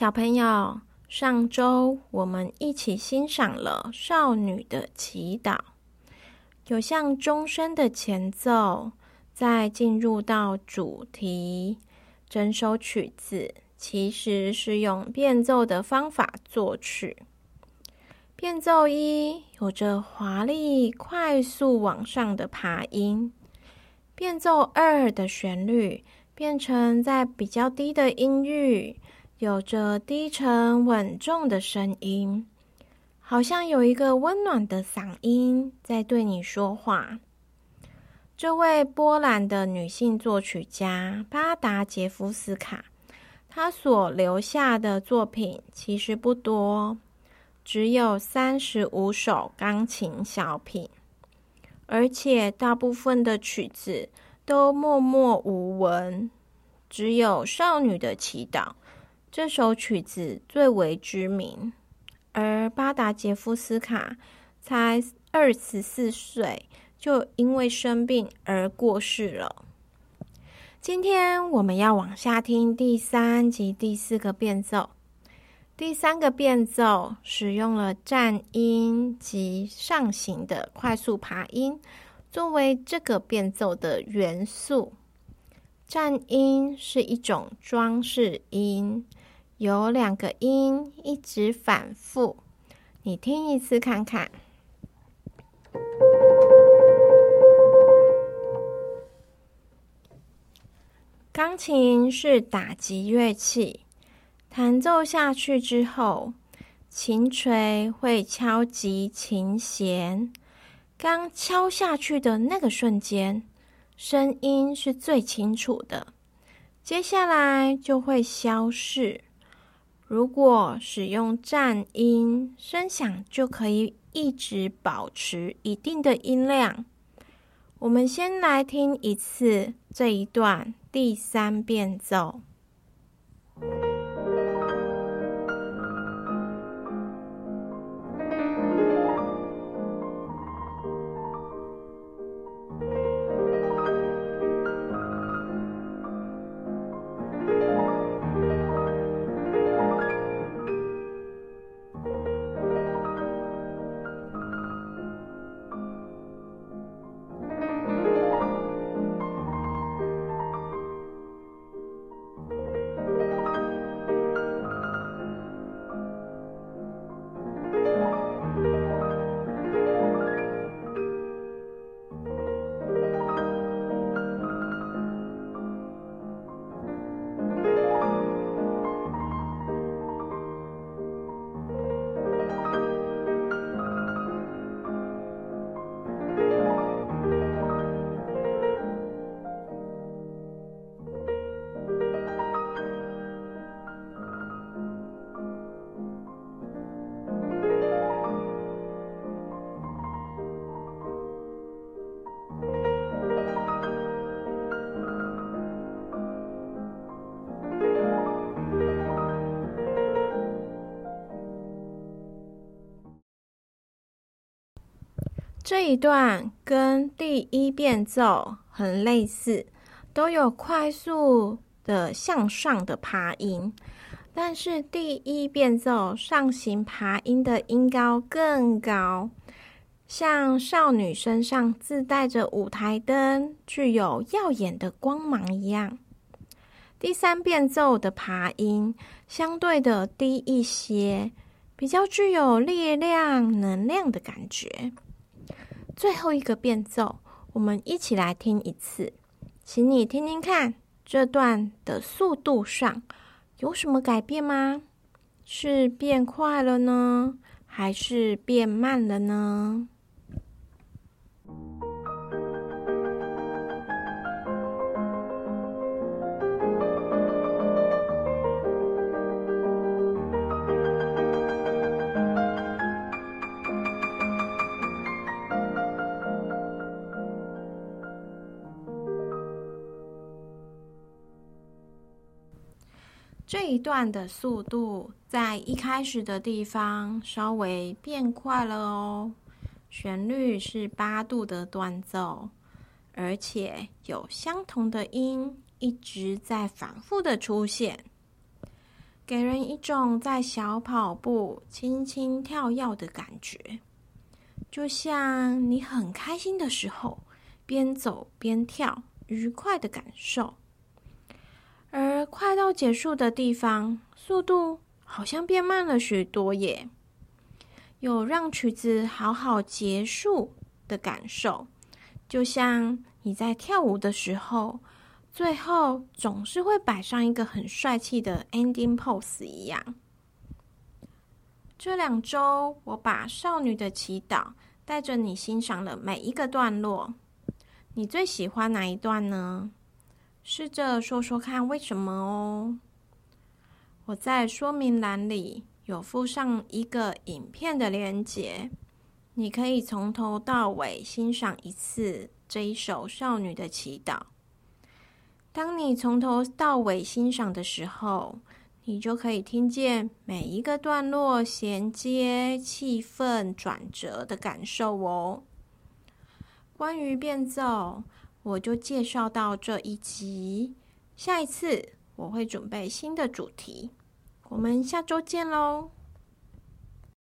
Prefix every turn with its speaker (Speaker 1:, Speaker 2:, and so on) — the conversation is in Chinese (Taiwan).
Speaker 1: 小朋友，上週我們一起欣賞了《少女的祈禱》，有像鐘聲的前奏，再進入到主題。整首曲子其實是用變奏的方法作曲。變奏一有着華麗、快速往上的爬音，變奏二的旋律變成在比較低的音域。有着低沉穩重的聲音，好像有一個溫暖的嗓音在對你說話。這位波蘭的女性作曲家巴達傑夫斯卡，她所留下的作品其實不多，只有三十五首鋼琴小品，而且大部分的曲子都默默無聞，只有《少女的祈禱》。這首曲子最為知名，而巴達杰夫斯卡才二十四歲，就因為生病而過世了。今天我們要往下聽第三及第四個變奏，第三個變奏使用了顫音及上行的快速爬音，作為這個變奏的元素。顫音是一種裝飾音，有兩個音一直反覆。你聽一次看看。鋼琴是打擊樂器，彈奏下去之後，琴錘會敲擊琴弦，剛敲下去的那個瞬間。聲音是最清楚的，接下來就會消逝。如果使用顫音，聲響就可以一直保持一定的音量。我們先來聽一次這一段第三變奏。這一段跟第一變奏很類似，都有快速的向上的爬音，但是第一變奏上行爬音的音高更高，像少女身上自帶着舞台燈，具有耀眼的光芒一樣。第三變奏的爬音相對的低一些，比較具有力量、能量的感覺。最後一個變奏，我們一起來聽一次，請你聽聽看，這段的速度上有什麼改變嗎？是變快了呢，還是變慢了呢？這一段的速度在一開始的地方稍微變快了哦，旋律是八度的斷奏，而且有相同的音一直在反覆的出現，給人一種在小跑步、輕輕跳躍的感覺，就像你很開心的時候，邊走邊跳，愉快的感受。而快到結束的地方，速度好像變慢了許多耶，有讓曲子好好結束的感受，就像你在跳舞的時候，最後總是會擺上一個很帥氣的 ending pose 一樣。這兩周我把《少女的祈禱》帶着你欣賞了每一個段落，你最喜歡哪一段呢？試着說說看為什麼哦。我在說明欄裡有附上一個影片的鏈接，你可以從頭到尾欣賞一次這一首《少女的祈禱》。當你從頭到尾欣賞的時候，你就可以聽見每一個段落銜接、氣氛轉折的感受哦。關於變奏。我就介紹到這一集，下一次我會準備新的主題，我們下週見嘍。